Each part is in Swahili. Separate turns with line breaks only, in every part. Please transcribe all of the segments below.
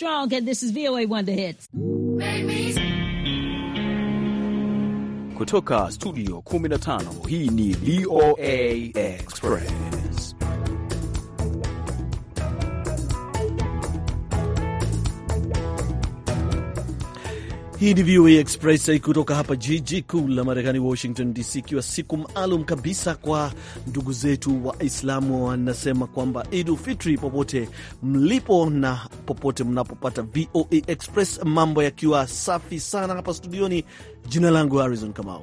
Strong, and this is VOA Wonder Hits.
Kutoka studio 15 hii ni VOA Express. Hii ni VOA Express eh, kutoka hapa jiji kuu la Marekani, Washington DC, ikiwa siku maalum kabisa kwa ndugu zetu Waislamu. Wanasema kwamba idu Fitri, popote mlipo na popote mnapopata VOA Express, mambo yakiwa safi sana hapa studioni. Jina langu Harrison Kamau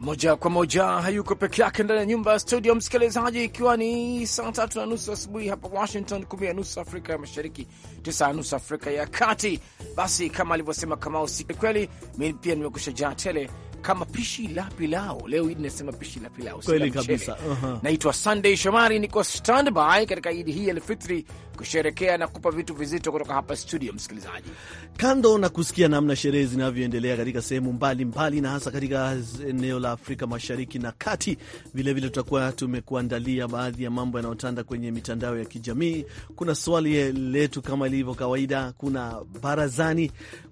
moja kwa moja, hayuko peke yake ndani ya nyumba ya studio, msikilizaji, ikiwa ni
saa tatu na nusu asubuhi hapa Washington, kumi na nusu Afrika ya Mashariki, tisa na nusu Afrika ya Kati. Basi kama alivyosema Kamau, si kweli, mi pia nimekusha jaa tele kama pishi la pilau. Leo Idi nasema pishi la pilau kweli kabisa. uh -huh. Naitwa Sunday Shomari, niko standby katika Idi hii Alfitri kusherekea na kupa vitu vizito kutoka hapa studio.
Msikilizaji, kando na kusikia namna sherehe zinavyoendelea katika sehemu mbalimbali na hasa katika eneo la Afrika Mashariki na Kati, vilevile tutakuwa tumekuandalia baadhi ya mambo yanayotanda kwenye mitandao ya kijamii. Kuna swali letu kama ilivyo kawaida, kuna barazani,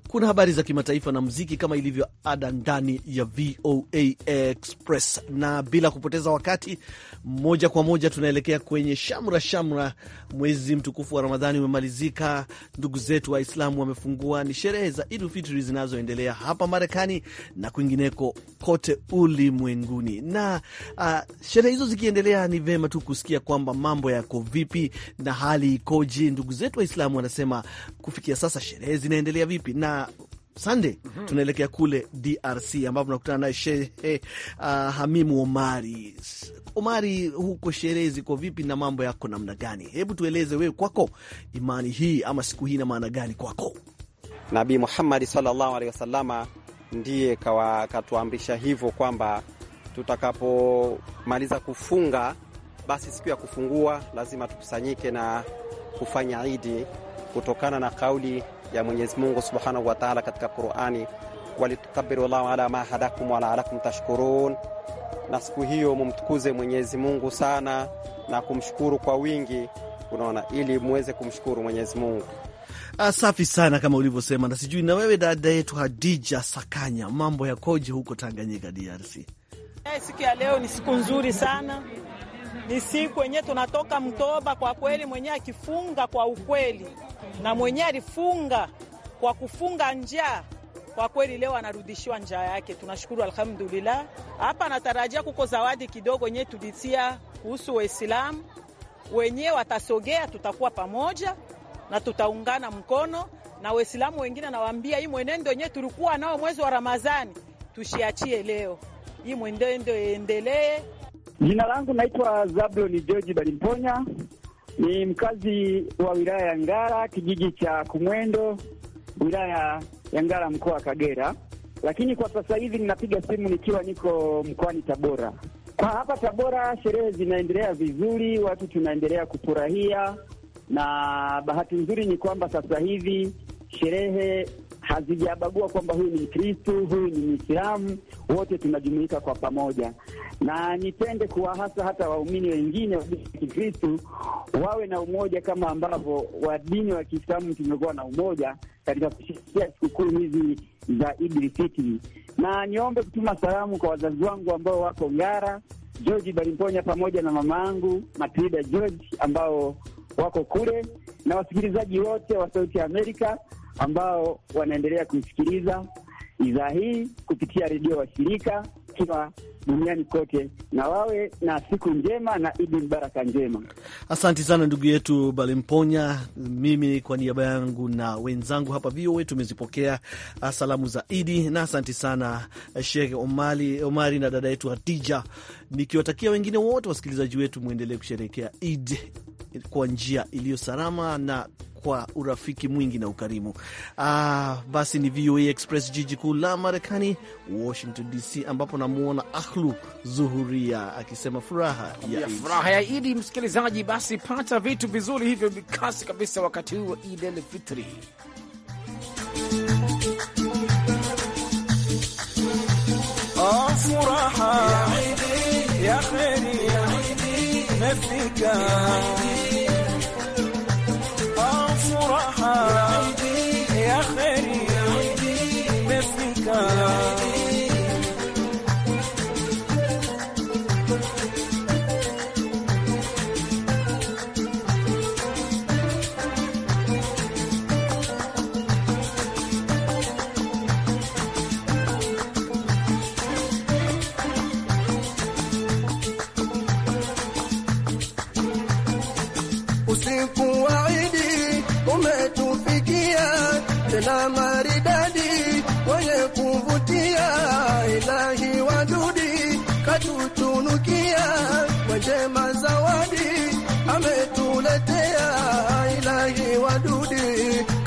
kuna habari za kimataifa na muziki kama ilivyo ada ndani ya VOA Express, na bila kupoteza wakati, moja kwa moja tunaelekea kwenye shamra shamra. Mwezi mtukufu wa Ramadhani umemalizika, ndugu zetu Waislamu wamefungua, ni sherehe za Idul Fitri zinazoendelea hapa Marekani na kwingineko kote ulimwenguni. Na uh, sherehe hizo zikiendelea, ni vema tu kusikia kwamba mambo yako vipi na hali ikoje. Ndugu zetu Waislamu wanasema kufikia sasa sherehe zinaendelea vipi na Sunday mm -hmm. Tunaelekea kule DRC ambapo nakutana naye Shehe uh, Hamimu Omari. Omari, huko sherehe ziko vipi na mambo yako namna gani? Hebu tueleze wewe kwako imani hii ama siku hii na maana gani kwako?
Nabii Muhammadi sallallahu alaihi wasalama ndiye katuamrisha hivyo kwamba tutakapomaliza kufunga basi siku ya kufungua lazima tukusanyike na kufanya idi, kutokana na kauli ya Mwenyezi Mungu subhanahu wa taala katika Qurani, walitukabiru Allahu ala ma hadakum walaalakum tashkurun, na siku hiyo mumtukuze Mwenyezi Mungu sana na kumshukuru kwa wingi, unaona, ili muweze kumshukuru Mwenyezi Mungu.
Safi sana kama ulivyosema, na sijui na wewe dada yetu Hadija Sakanya, mambo yakoje huko Tanganyika, DRC? Eh,
siku ya leo ni siku nzuri sana, ni siku wenyewe tunatoka Mtoba. Kwa kweli mwenyewe akifunga kwa ukweli na mwenye alifunga kwa kufunga njaa. Kwa kweli leo anarudishiwa njaa yake, tunashukuru alhamdulillah. Hapa anatarajia kuko zawadi kidogo nye tulitia kuhusu Waislamu wenyewe watasogea, tutakuwa pamoja na tutaungana mkono na Waislamu wengine. Nawaambia hii mwenendo yenyewe tulikuwa nao mwezi wa Ramadhani tushiachie leo, hii mwenendo iendelee.
Jina langu naitwa Zabloni George Balimponya, ni mkazi wa wilaya ya Ngara, kijiji cha Kumwendo, wilaya ya Ngara, mkoa wa Kagera, lakini kwa sasa hivi ninapiga simu nikiwa niko mkoani Tabora. Kwa hapa Tabora sherehe zinaendelea vizuri, watu tunaendelea kufurahia, na bahati nzuri ni kwamba sasa hivi sherehe hazijabagua kwamba huyu ni Mkristu, huyu ni Mwislamu, wote tunajumuika kwa pamoja na nipende kuwahasa hata waumini wengine wa dini ya Kikristu wawe na umoja kama ambavyo wadini wa Kiislamu tumekuwa na umoja katika kusherekea sikukuu hizi za Idil Fitri. Na niombe kutuma salamu kwa wazazi wangu ambao wako Ngara, George Balimponya pamoja na mama yangu Matilda George ambao wako kule, na wasikilizaji wote wa Sauti ya Amerika ambao wanaendelea kuisikiliza idhaa hii kupitia redio washirika kiwa duniani kote, na wawe na siku njema na Idi mbaraka njema.
Asante sana ndugu yetu Balimponya. Mimi kwa niaba yangu na wenzangu hapa VOA tumezipokea ah, salamu za Idi na asante sana eh, Sheikh Omari, Omari na dada yetu Hatija, nikiwatakia wengine wote wasikilizaji wetu mwendelee kusherehekea Idi kwa njia iliyo salama na kwa urafiki mwingi na ukarimu. Ah, basi ni VOA Express, jiji kuu la Marekani, Washington DC, ambapo namwona Ahlu Zuhuria akisema furaha ya, ya furaha
ya Idi. Msikilizaji, basi pata vitu vizuri hivyo vikasi kabisa wakati huu wa el Fitri.
Oh, furaha ya Idi, ya ya Idi, ya Idi,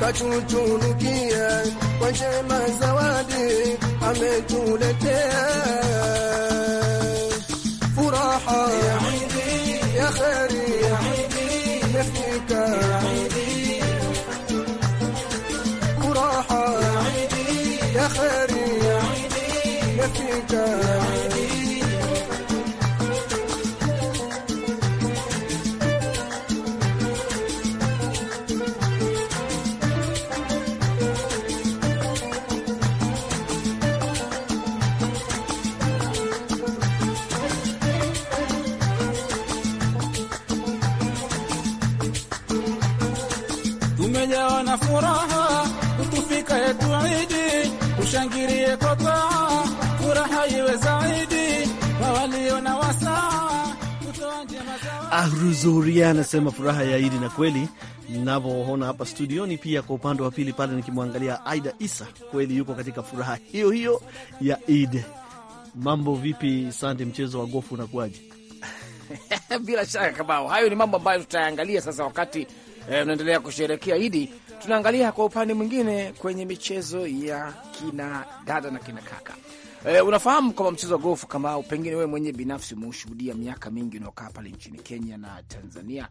watutunukia kwa njema zawadi ametuletea
Ahruzuri anasema furaha ya Idi, na kweli navoona hapa studioni pia kwa upande wa pili pale nikimwangalia Aida Isa, kweli yuko katika furaha hiyo hiyo ya Idi. Mambo vipi, Sande? Mchezo wa gofu unakuwaje?
Bila shaka kabao, hayo ni mambo ambayo tutayaangalia sasa wakati eh, unaendelea kusherekea Idi. Tunaangalia kwa upande mwingine kwenye michezo ya kina dada na kina kaka Eh, unafahamu kama mchezo wa gofu kama pengine wewe mwenyewe binafsi umeushuhudia miaka mingi unaokaa pale nchini Kenya na Tanzania,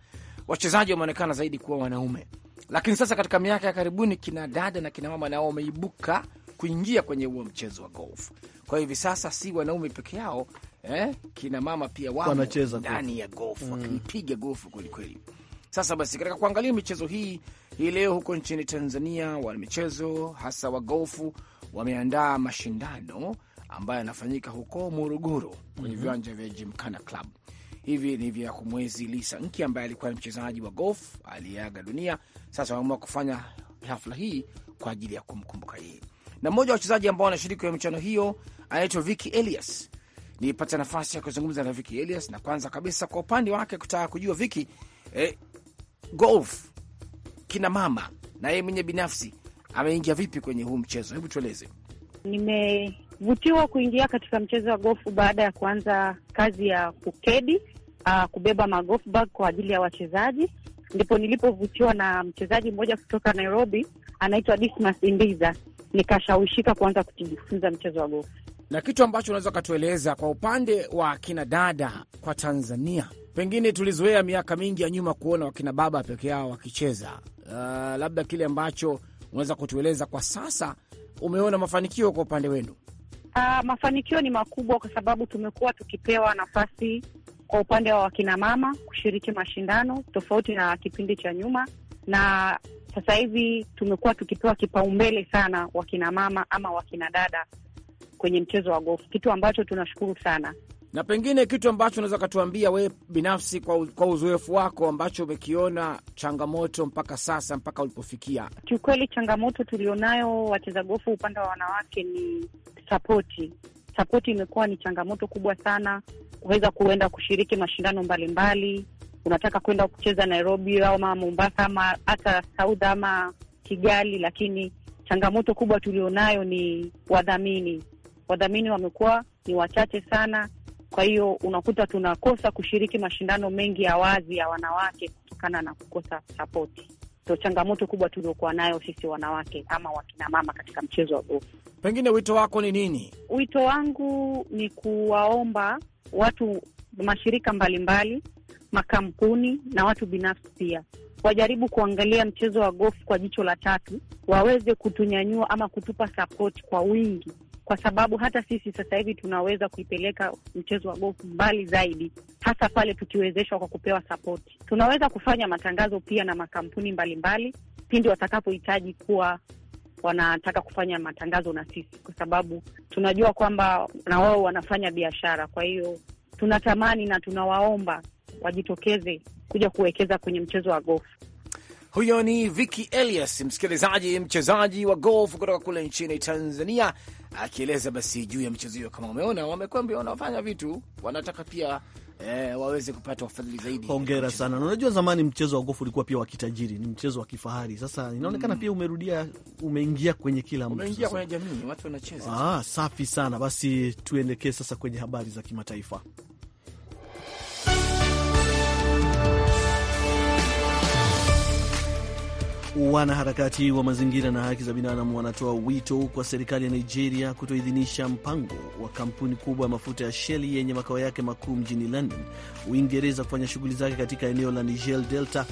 wachezaji wameonekana zaidi kuwa wanaume, lakini sasa katika miaka ya karibuni kina dada na kina mama nao wameibuka kuingia kwenye huo mchezo wa golf. Kwa hivi sasa si wanaume peke yao eh, kina mama pia wao wanacheza ndani ya golf mm, wakipiga golf kweli kweli. Sasa basi, katika kuangalia michezo hii hii leo huko nchini Tanzania, wana michezo hasa wa golf wameandaa mashindano ambayo anafanyika huko Morogoro kwenye mm -hmm. viwanja vya Jimkana Club. Hivi ni vya kumwezi Lisa Nki ambaye alikuwa ni mchezaji wa golf aliyeaga dunia. Sasa wameamua kufanya hafla hii kwa ajili ya kumkumbuka yeye, na mmoja wa wachezaji ambao wanashiriki kwenye michano hiyo anaitwa Vicky Elias. Nipata nafasi ya kuzungumza na Vicky Elias, na kwanza kabisa kwa upande wake kutaka kujua Vicky, eh, golf kina mama na yeye mwenye binafsi ameingia vipi kwenye huu mchezo? Hebu tueleze.
Nime Vutiwa kuingia katika mchezo wa gofu baada ya kuanza kazi ya kukedi, uh, kubeba magofu bag kwa ajili ya wachezaji, ndipo nilipovutiwa na mchezaji mmoja kutoka Nairobi anaitwa Dismas Indiza, nikashawishika kuanza kujifunza mchezo wa gofu.
Na kitu ambacho unaweza ukatueleza kwa upande wa akina dada kwa Tanzania, pengine tulizoea miaka mingi ya nyuma kuona wakina baba peke yao wakicheza, uh, labda kile ambacho unaweza kutueleza kwa sasa, umeona mafanikio kwa upande wenu?
Uh, mafanikio ni makubwa kwa sababu tumekuwa tukipewa nafasi kwa upande wa wakinamama kushiriki mashindano tofauti na kipindi cha nyuma, na sasa hivi tumekuwa tukipewa kipaumbele sana wakina mama ama wakinadada kwenye mchezo wa gofu, kitu ambacho tunashukuru sana
na pengine kitu ambacho unaweza ukatuambia wewe binafsi kwa, kwa uzoefu wako ambacho umekiona changamoto mpaka sasa mpaka ulipofikia.
Kiukweli, changamoto tulionayo wacheza gofu upande wa wanawake ni sapoti. Sapoti imekuwa ni changamoto kubwa sana, kuweza kuenda kushiriki mashindano mbalimbali mbali. Unataka kwenda kucheza Nairobi ama Mombasa ama hata Saudi ama Kigali, lakini changamoto kubwa tulionayo ni wadhamini. Wadhamini wamekuwa ni wachache sana kwa hiyo unakuta tunakosa kushiriki mashindano mengi ya wazi ya wanawake kutokana na kukosa sapoti. So changamoto kubwa tuliokuwa nayo sisi wanawake ama wakinamama katika mchezo wa gofu.
Pengine wito wako ni nini?
Wito wangu ni kuwaomba watu, mashirika mbalimbali mbali, makampuni na watu binafsi pia wajaribu kuangalia mchezo wa gofu kwa jicho la tatu, waweze kutunyanyua ama kutupa sapoti kwa wingi kwa sababu hata sisi sasa hivi tunaweza kuipeleka mchezo wa gofu mbali zaidi, hasa pale tukiwezeshwa kwa kupewa sapoti. Tunaweza kufanya matangazo pia na makampuni mbalimbali pindi watakapohitaji kuwa wanataka kufanya matangazo na sisi, kwa sababu tunajua kwamba na wao wanafanya biashara. Kwa hiyo tunatamani na tunawaomba wajitokeze kuja kuwekeza kwenye mchezo wa gofu.
Huyo ni Vicky Elias, msikilizaji, mchezaji wa golf kutoka kule nchini Tanzania, akieleza basi juu ya mchezo hiyo. Kama umeona, wamekwambia wanafanya vitu, wanataka pia Eh, waweze kupata wafadhili zaidi.
Hongera sana. Na unajua zamani mchezo wa gofu ulikuwa pia wa kitajiri, ni mchezo wa kifahari. Sasa inaonekana mm, pia umerudia, umeingia kwenye kila mtu, umeingia kwenye
jamii, watu wanacheza.
Ah, safi sana. Basi tuelekee sasa kwenye habari za kimataifa. Wanaharakati wa mazingira na haki za binadamu wanatoa wito kwa serikali ya Nigeria kutoidhinisha mpango wa kampuni kubwa ya mafuta ya Sheli yenye makao yake makuu mjini London, Uingereza, kufanya shughuli zake katika eneo la Niger Delta.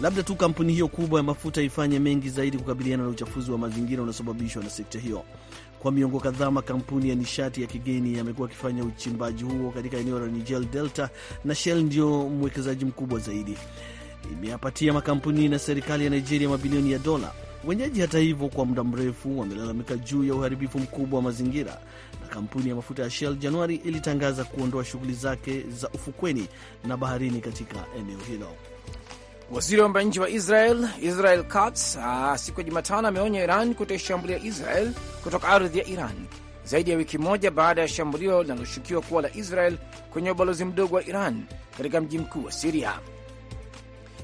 Labda tu kampuni hiyo kubwa ya mafuta ifanye mengi zaidi kukabiliana na uchafuzi wa mazingira unaosababishwa na sekta hiyo. Kwa miongo kadhaa, makampuni ya nishati ya kigeni yamekuwa akifanya uchimbaji huo katika eneo la Niger Delta, na Shell ndio mwekezaji mkubwa zaidi imeyapatia makampuni na serikali ya Nigeria mabilioni ya dola. Wenyeji hata hivyo, kwa muda mrefu wamelalamika juu ya uharibifu mkubwa wa mazingira, na kampuni ya mafuta ya Shell Januari ilitangaza kuondoa shughuli zake za ufukweni na baharini katika eneo hilo. Waziri wa mambo ya nje wa Israel Israel Katz ah, siku ya Jumatano ameonya
Iran kutoishambulia Israel kutoka ardhi ya Iran zaidi ya wiki moja baada ya shambulio linaloshukiwa kuwa la Israel kwenye ubalozi mdogo wa Iran katika mji mkuu wa Siria.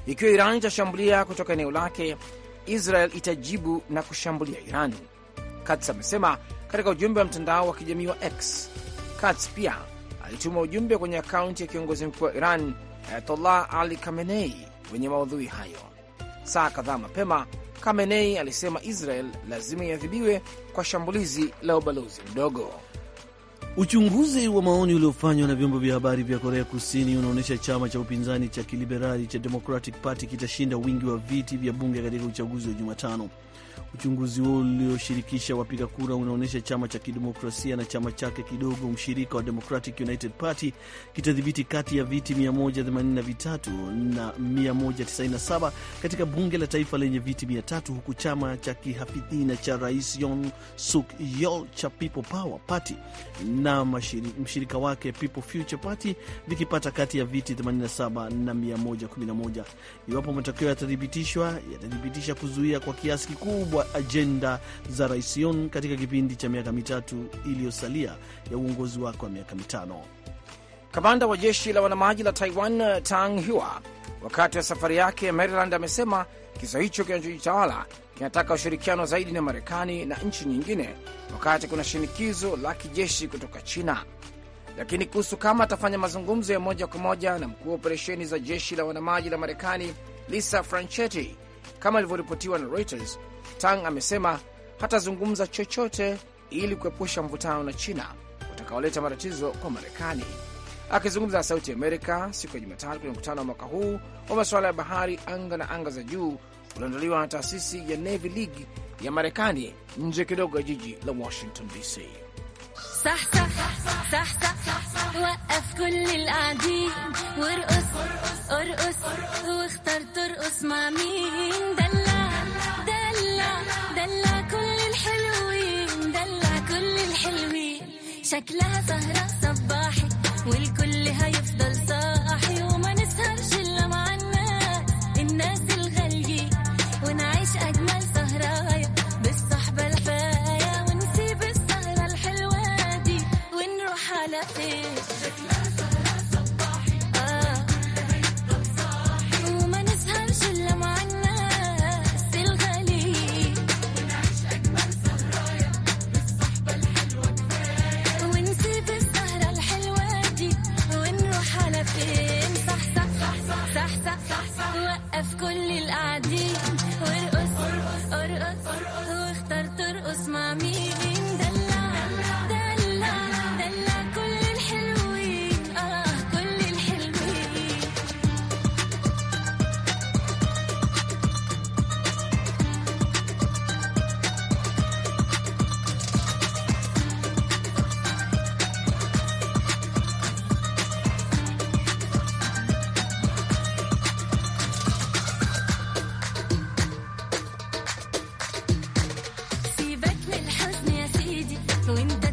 Ikiwa Iran itashambulia kutoka eneo lake, Israel itajibu na kushambulia Iran, Katz amesema katika ujumbe wa mtandao wa kijamii wa X. Katz pia alituma ujumbe kwenye akaunti ya kiongozi mkuu wa Iran Ayatollah Ali Khamenei wenye maudhui hayo. Saa kadhaa mapema, Khamenei alisema Israel lazima iadhibiwe kwa shambulizi la ubalozi mdogo.
Uchunguzi wa maoni uliofanywa na vyombo vya habari vya Korea Kusini unaonyesha chama cha upinzani cha kiliberali cha Democratic Party kitashinda wingi wa viti vya bunge katika uchaguzi wa Jumatano. Uchunguzi huo ulioshirikisha wapiga kura unaonyesha chama cha kidemokrasia na chama chake kidogo mshirika wa Democratic United Party kitadhibiti kati ya viti 183 na 197 katika bunge la taifa lenye viti 300 huku chama cha kihafidhina cha rais Yoon Suk Yeol cha People Power Party na mshirika wake People Future Party vikipata kati ya viti 87 na 111. Iwapo matokeo yatathibitishwa, yatathibitisha kuzuia kwa kiasi kikubwa kubwa ajenda za Rais Yoon katika kipindi cha miaka mitatu iliyosalia ya uongozi wake wa miaka mitano. Kamanda wa jeshi la wanamaji la Taiwan Tang Hua,
wakati wa safari yake Maryland, amesema kisa hicho kinachojitawala kinataka ushirikiano zaidi na Marekani na nchi nyingine, wakati kuna shinikizo la kijeshi kutoka China. Lakini kuhusu kama atafanya mazungumzo ya moja kwa moja na mkuu wa operesheni za jeshi la wanamaji la Marekani Lisa Franchetti kama ilivyoripotiwa na Reuters, Tang amesema hatazungumza chochote ili kuepusha mvutano na China utakaoleta matatizo kwa Marekani. Akizungumza na Sauti Amerika siku ya Jumatatu kwenye mkutano wa mwaka huu wa masuala ya bahari, anga na anga za juu ulioandaliwa na taasisi ya Navy League ya Marekani nje kidogo ya jiji la Washington DC.
صح صح صح صح وقف كل القاعدين وارقص ارقص واختار ترقص مع مين دلع دلع دلع كل الحلوين دلع كل الحلوين شكلها سهرة صباحي والكل هيفضل صاحي nothing. gasoline.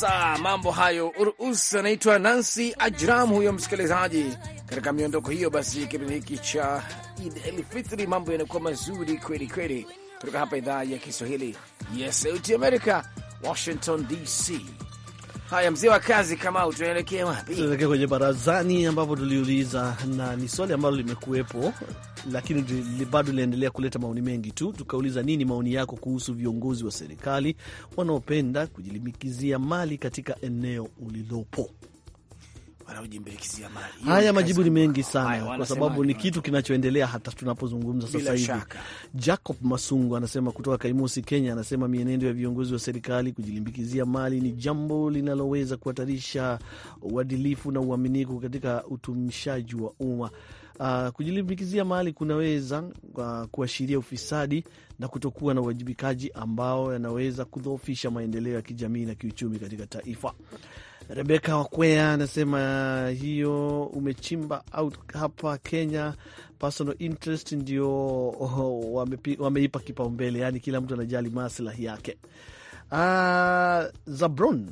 kabisa mambo hayo. Urus anaitwa Nancy Ajram, huyo msikilizaji, katika miondoko hiyo. Basi kipindi hiki cha Id el Fitri mambo yanakuwa mazuri kweli kweli, kutoka hapa idhaa ya Kiswahili ya yes, Sauti Amerika, Washington DC. Haya, mzee wa kazi kama tunaelekea wapi?
Tunaelekea kwenye barazani, ambapo tuliuliza na ni swali ambalo limekuwepo, lakini bado linaendelea kuleta maoni mengi tu. Tukauliza, nini maoni yako kuhusu viongozi wa serikali wanaopenda kujilimbikizia mali katika eneo ulilopo?
wanaojimbelekizia mali. Haya majibu ni mengi sana kwa sababu ni kitu
kinachoendelea hata tunapozungumza sasa hivi. Jacob Masungu anasema kutoka Kaimusi, Kenya, anasema mienendo ya viongozi wa serikali kujilimbikizia mali ni jambo linaloweza kuhatarisha uadilifu na uaminifu katika utumishaji wa umma. Uh, kujilimbikizia mali kunaweza uh, kuashiria ufisadi na kutokuwa na uwajibikaji ambao yanaweza kudhoofisha maendeleo ya kijamii na kiuchumi katika taifa. Rebeka Wakwea anasema hiyo umechimba out hapa Kenya, personal interest ndio oh, wameipa wame kipaumbele, yaani kila mtu anajali maslahi yake. Uh, Zabron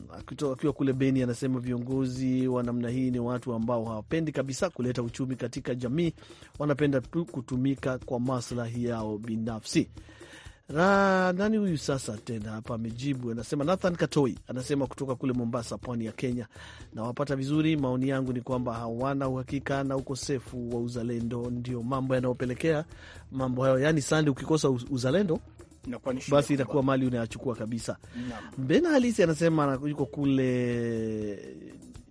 akiwa kule Beni anasema viongozi wa namna hii ni watu ambao hawapendi kabisa kuleta uchumi katika jamii, wanapenda tu kutumika kwa maslahi yao binafsi. Na nani huyu sasa tena hapa amejibu, anasema Nathan Katoi anasema kutoka kule Mombasa, pwani ya Kenya, nawapata vizuri. Maoni yangu ni kwamba hawana uhakika na ukosefu wa uzalendo, ndio mambo yanayopelekea mambo hayo. Yaani sande, ukikosa uzalendo basi itakuwa mali unayachukua kabisa. Mbena halisi anasema yuko kule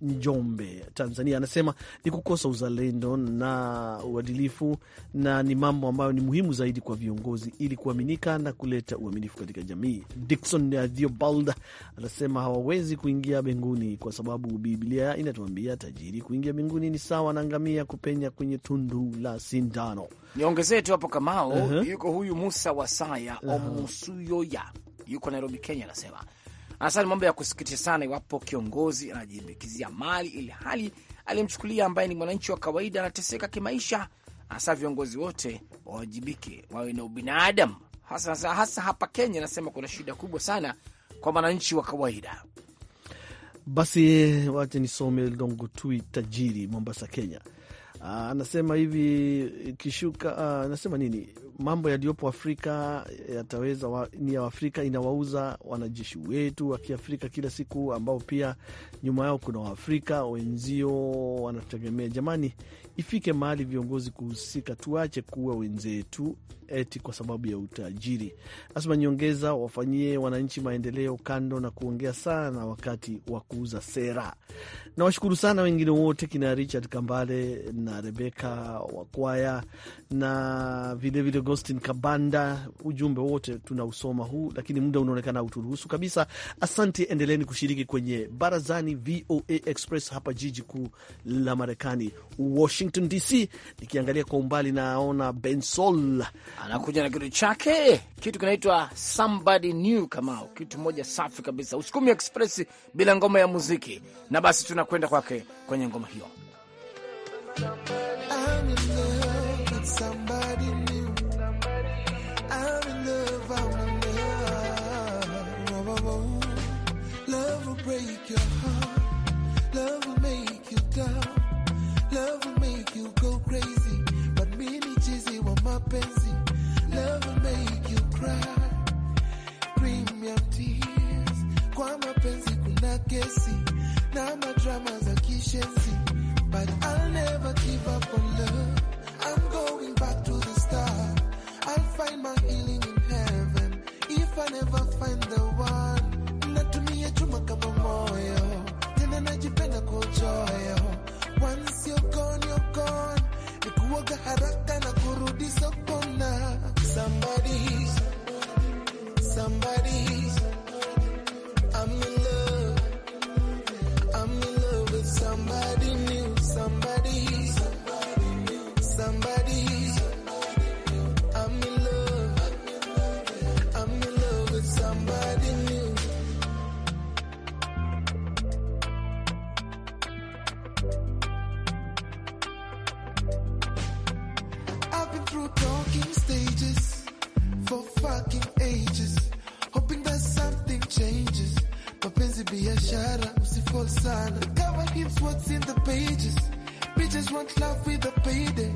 Njombe, Tanzania, anasema ni kukosa uzalendo na uadilifu, na ni mambo ambayo ni muhimu zaidi kwa viongozi ili kuaminika na kuleta uaminifu katika jamii. dikson Adhiobald anasema hawawezi kuingia mbinguni kwa sababu Biblia inatuambia tajiri kuingia mbinguni ni sawa na ngamia kupenya kwenye tundu la sindano.
Niongezee tu hapo Kamao. uh -huh. Yuko huyu Musa Wasaya Omusuyoya yuko Nairobi, Kenya, anasema Anasema mambo ya kusikitisha sana iwapo kiongozi anajimbikizia mali ili hali aliyemchukulia ambaye ni mwananchi wa kawaida anateseka kimaisha. Hasa viongozi wote wawajibike, wawe na ubinadamu, hasa, hasa hapa Kenya. Anasema kuna shida kubwa sana kwa mwananchi wa kawaida.
Basi wacha nisome Longotui Tajiri, Mombasa, Kenya. Aa, ah, anasema hivi kishuka, uh, ah, anasema nini, mambo yaliyopo Afrika yataweza wa, ni ya Afrika inawauza wanajeshi wetu wa Kiafrika kila siku, ambao pia nyuma yao kuna Waafrika wenzio wanategemea. Jamani, ifike mahali viongozi kuhusika, tuache kuwa wenzetu eti kwa sababu ya utajiri. Lazima nyongeza wafanyie wananchi maendeleo, kando na kuongea sana wakati wa kuuza sera. Nawashukuru sana wengine wote, kina Richard Kambale na na Rebeka Wakwaya na vilevile gostin Kabanda. Ujumbe wote tunausoma huu, lakini muda unaonekana uturuhusu kabisa. Asante, endeleni kushiriki kwenye barazani VOA Express hapa jiji kuu la Marekani, Washington DC. Nikiangalia kwa umbali, naona Bensol anakuja na kitu chake, kitu kinaitwa
somebody new, Kamao, kitu moja safi kabisa. Usukumi Express bila ngoma ya muziki, na basi tunakwenda kwake kwenye ngoma hiyo.
I'm in love with somebody new. I'm in love, I'm in love. Oh, oh, oh. Love will break your heart. Love will make you down. Love will make you go crazy. But mimi chizi wa Love will make you cry. Premium tears. Kwa mapenzi kesi. Na madrama za kishenzi but I'll never give up on biashara, usifall sana. Cover hips, what's in the pages. Bitches want love with a payday.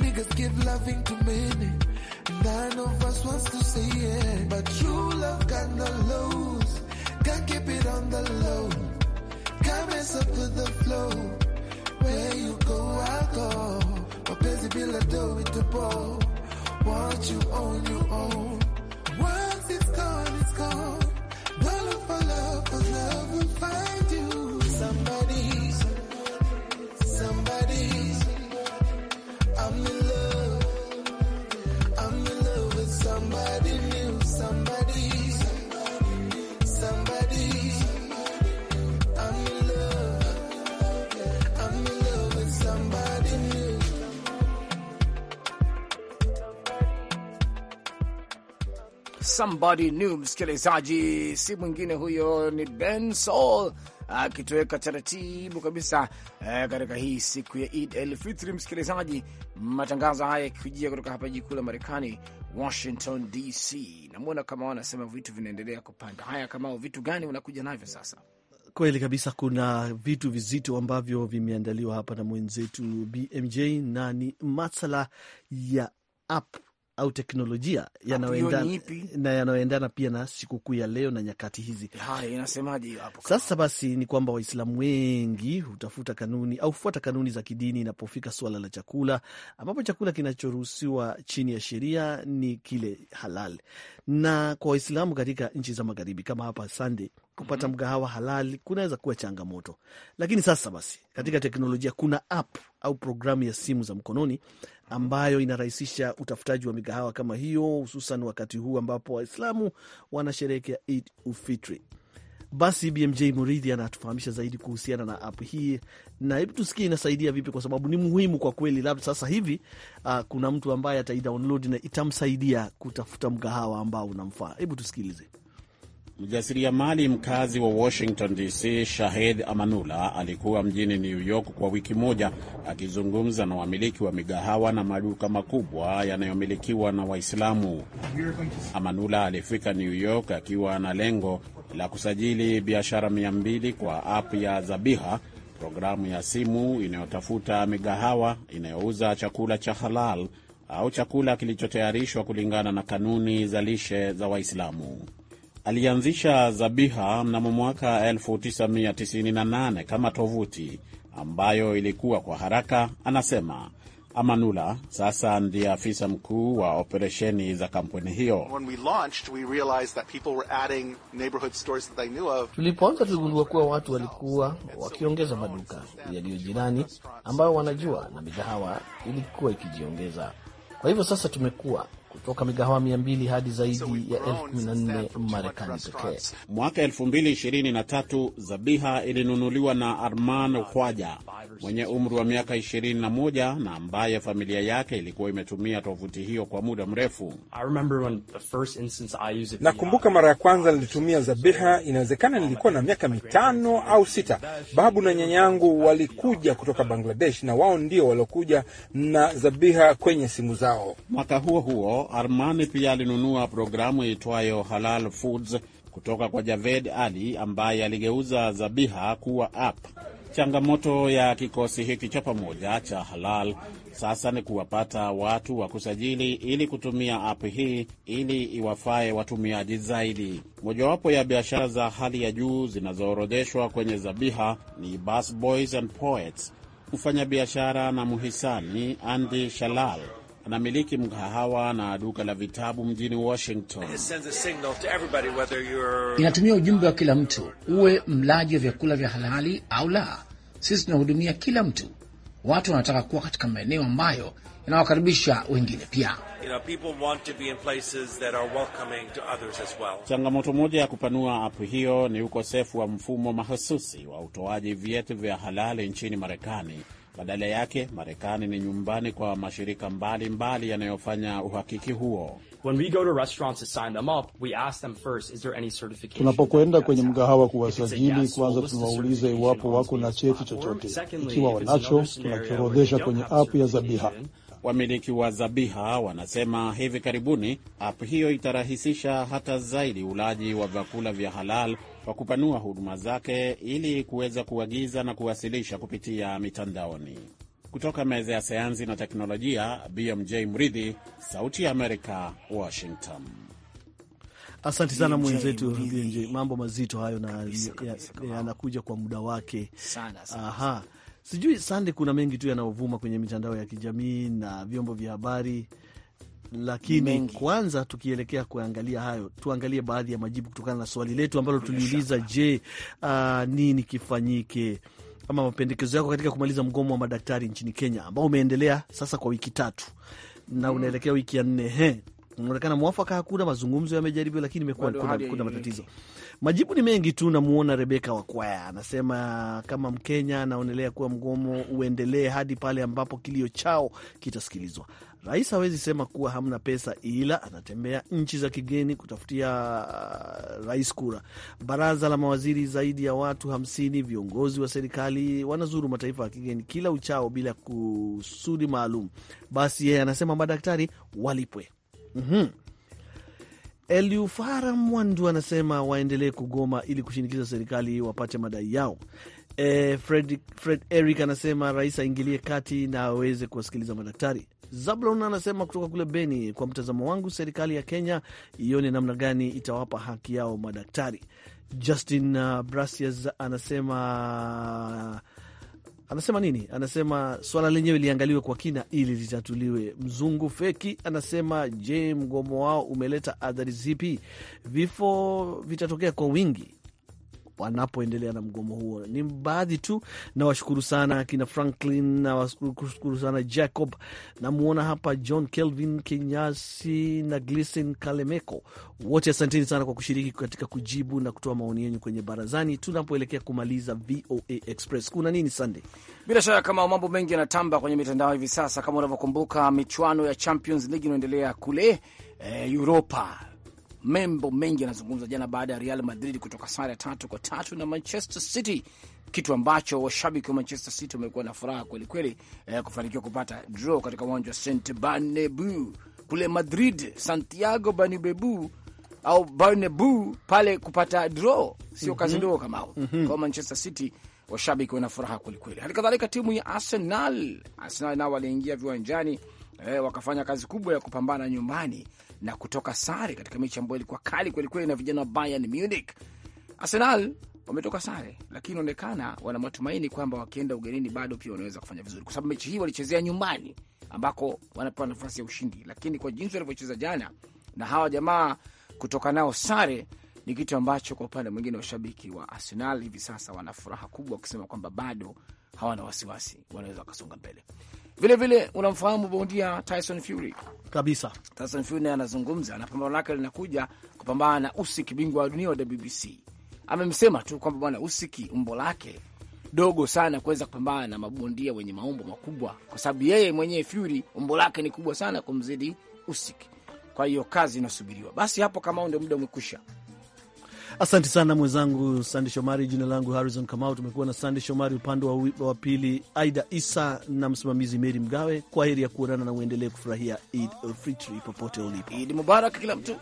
Niggas give loving to many. None of us wants to say it. But true love got no lows. Can't keep it on the low. Can't mess up with the flow. Where you go, I go. Mapenzi bila dough it to bow. What you own, you own. Once it's gone, it's gone. I'll never find
somebody new, msikilizaji, si mwingine huyo, ni Ben Soul akitoweka taratibu kabisa eh, katika hii siku ya Eid el Fitri. Msikilizaji, matangazo haya yakikujia kutoka hapa jikuu la Marekani, Washington DC. Namwona kama wanasema vitu vinaendelea kupanda. Haya, kama vitu gani unakuja navyo sasa?
Kweli kabisa, kuna vitu vizito ambavyo vimeandaliwa hapa na mwenzetu BMJ na ni masala ya app au teknolojia ah, na yanayoendana pia na sikukuu ya leo na nyakati hizi. Sasa basi ni kwamba Waislamu wengi hutafuta kanuni au hufuata kanuni za kidini inapofika suala la chakula, ambapo chakula kinachoruhusiwa chini ya sheria ni kile halal, na kwa Waislamu katika nchi za magharibi kama hapa Sunday kupata mm mgahawa halali kunaweza kuwa changamoto, lakini sasa basi, katika teknolojia kuna app au programu ya simu za mkononi ambayo inarahisisha utafutaji wa migahawa kama hiyo, hususan wakati huu ambapo Waislamu wanasherehekea Eid ul Basi BMJ Muridhi anatufahamisha zaidi kuhusiana na app hii, na hebu tusikie inasaidia vipi, kwa sababu ni muhimu kwa kweli. Labda sasa hivi uh, kuna mtu ambaye ataidownload na itamsaidia kutafuta mgahawa ambao unamfaa. Hebu tusikilize.
Mjasiriamali mkazi wa Washington DC, Shahid Amanula alikuwa mjini New York kwa wiki moja akizungumza na wamiliki wa migahawa na maduka makubwa yanayomilikiwa na Waislamu. Amanula alifika New York akiwa na lengo la kusajili biashara 200 kwa app ya Zabiha, programu ya simu inayotafuta migahawa inayouza chakula cha halal au chakula kilichotayarishwa kulingana na kanuni za lishe za Waislamu alianzisha Zabiha mnamo mwaka 1998 kama tovuti ambayo ilikuwa kwa haraka, anasema Amanula sasa ndiye afisa mkuu wa operesheni za kampuni hiyo. Tulipoanza
tuligundua kuwa watu walikuwa wakiongeza maduka yaliyo jirani ambayo wanajua na migahawa ilikuwa
ikijiongeza.
Kwa hivyo sasa tumekuwa kutoka migahawa 200 hadi zaidi ya elfu
14 Marekani pekee. Mwaka 2023 Zabiha ilinunuliwa na Arman hwaja mwenye umri wa miaka 21 na ambaye familia yake ilikuwa imetumia tovuti hiyo kwa muda mrefu. Nakumbuka mara ya kwanza nilitumia Zabiha, inawezekana nilikuwa na miaka mitano au sita. Babu na nyanya yangu walikuja kutoka Bangladesh na wao ndio waliokuja na Zabiha kwenye simu zao. Mwaka huo huo Armani pia alinunua programu itwayo Halal Foods kutoka kwa Javed Ali ambaye aligeuza Zabiha kuwa app. Changamoto ya kikosi hiki cha pamoja cha Halal sasa ni kuwapata watu wa kusajili ili kutumia app hii ili iwafae watumiaji zaidi. Mojawapo ya biashara za hali ya juu zinazoorodheshwa kwenye Zabiha ni Boys and Poets. Mfanyabiashara na mhisani Andy Shalal anamiliki mgahawa na duka la vitabu mjini Washington. Inatumia
ujumbe wa kila mtu, uwe mlaji wa vyakula vya halali au la, sisi tunahudumia kila mtu. Watu wanataka kuwa katika maeneo ambayo
yanawakaribisha wengine pia. Changamoto moja ya kupanua apu hiyo ni ukosefu wa mfumo mahususi wa utoaji vyeti vya halali nchini Marekani badala yake, Marekani ni nyumbani kwa mashirika mbalimbali yanayofanya uhakiki huo.
Tunapokwenda kwenye mgahawa kuwasajili, kwanza tunawauliza iwapo
wako na cheti chochote.
Ikiwa wanacho, tunakiorodhesha kwenye
app ya Zabiha.
Wamiliki wa Zabiha wanasema hivi karibuni app hiyo itarahisisha hata zaidi ulaji wa vyakula vya halal kwa kupanua huduma zake ili kuweza kuagiza na kuwasilisha kupitia mitandaoni. Kutoka meza ya sayansi na teknolojia, BMJ Mridhi, Sauti ya Amerika, Washington. Asante sana mwenzetu BMJ,
mambo mazito hayo na yanakuja kwa muda wake sana, sana, aha. Sijui sande, kuna mengi tu yanayovuma kwenye mitandao ya kijamii na vyombo vya habari lakini mengi. Kwanza tukielekea kuangalia hayo, tuangalie baadhi ya majibu kutokana na swali letu ambalo tuliuliza, je, uh, nini kifanyike ama mapendekezo yako katika kumaliza mgomo wa madaktari nchini Kenya ambao umeendelea sasa kwa wiki tatu na mm. unaelekea wiki ya nne unaonekana mwafaka, hakuna mazungumzo yamejaribiwa, lakini imekuwa kuna matatizo. Majibu ni mengi tu. Namuona Rebeka Wakwaya anasema kama Mkenya anaonelea kuwa mgomo uendelee hadi pale ambapo kilio chao kitasikilizwa. Rais hawezi sema kuwa hamna pesa, ila anatembea nchi za kigeni kutafutia uh, rais kura. Baraza la mawaziri zaidi ya watu hamsini, viongozi wa serikali wanazuru mataifa ya kigeni kila uchao bila kusudi maalum. Basi yeye anasema madaktari walipwe mm -hmm. Eliufara Mwandu anasema waendelee kugoma ili kushinikiza serikali wapate madai yao. E, Fred, Fred Eric anasema rais aingilie kati na aweze kuwasikiliza madaktari. Zablon anasema kutoka kule Beni, kwa mtazamo wangu, serikali ya Kenya ione namna gani itawapa haki yao madaktari. Justin uh, Brasias anasema anasema nini? Anasema swala lenyewe liangaliwe kwa kina ili litatuliwe. Mzungu Feki anasema je, mgomo wao umeleta adhari zipi? Vifo vitatokea kwa wingi wanapoendelea na mgomo huo. Ni baadhi tu, nawashukuru sana kina Franklin, nawashukuru sana Jacob, namwona hapa John Kelvin Kenyasi na Glisen Kalemeko, wote asanteni sana kwa kushiriki katika kujibu na kutoa maoni yenyu kwenye barazani tunapoelekea kumaliza VOA Express. Kuna nini Sunday?
Bila shaka kama mambo mengi yanatamba kwenye mitandao hivi sasa, kama unavyokumbuka michuano ya Champions League inaendelea kule e, Europa Mambo mengi yanazungumza jana baada ya Real Madrid kutoka sare tatu kwa tatu na Manchester City, kitu ambacho washabiki wa Manchester City wamekuwa na furaha kwelikweli eh, kufanikiwa kupata draw katika uwanja wa St Barnebu kule Madrid, Santiago Bernabeu au Barnebu pale kupata draw sio kazi mhm. ndogo, kama mm -hmm. kwa Manchester City washabiki wana furaha kwelikweli. Hali kadhalika timu ya Arsenal, Arsenal nao waliingia viwanjani eh, wakafanya kazi kubwa ya kupambana nyumbani na kutoka sare katika mechi ambayo ilikuwa kali kwelikweli na vijana wa Bayern Munich. Arsenal wametoka sare, lakini inaonekana wana matumaini kwamba wakienda ugenini bado pia wanaweza kufanya vizuri, kwa sababu mechi hii walichezea nyumbani ambako wanapewa nafasi ya ushindi, lakini kwa jinsi walivyocheza jana na hawa jamaa kutoka nao sare ni kitu ambacho kwa upande mwingine washabiki wa Arsenal hivi sasa wana furaha kubwa, wakisema kwamba bado hawana wasiwasi, wanaweza wakasonga mbele. Vilevile unamfahamu bondia Tyson Fury kabisa. Tyson Fury naye anazungumza na pambano lake linakuja kupambana na Usiki, bingwa wa dunia wa WBC. Amemsema tu kwamba bwana Usiki umbo lake dogo sana kuweza kupambana na mabondia wenye maumbo makubwa, kwa sababu yeye mwenyewe Fury umbo lake ni kubwa sana kumzidi Usiki. Kwa hiyo kazi inasubiriwa. Basi hapo kama ndio muda umekusha
Asante sana mwenzangu Sande Shomari. Jina langu Harrison Kamau. Tumekuwa na Sande Shomari upande wa wa pili, Aida Isa na msimamizi Meri Mgawe. Kwa heri ya kuonana na uendelee kufurahia Id Fitri popote ulipo. Idi Mubarak kila mtu.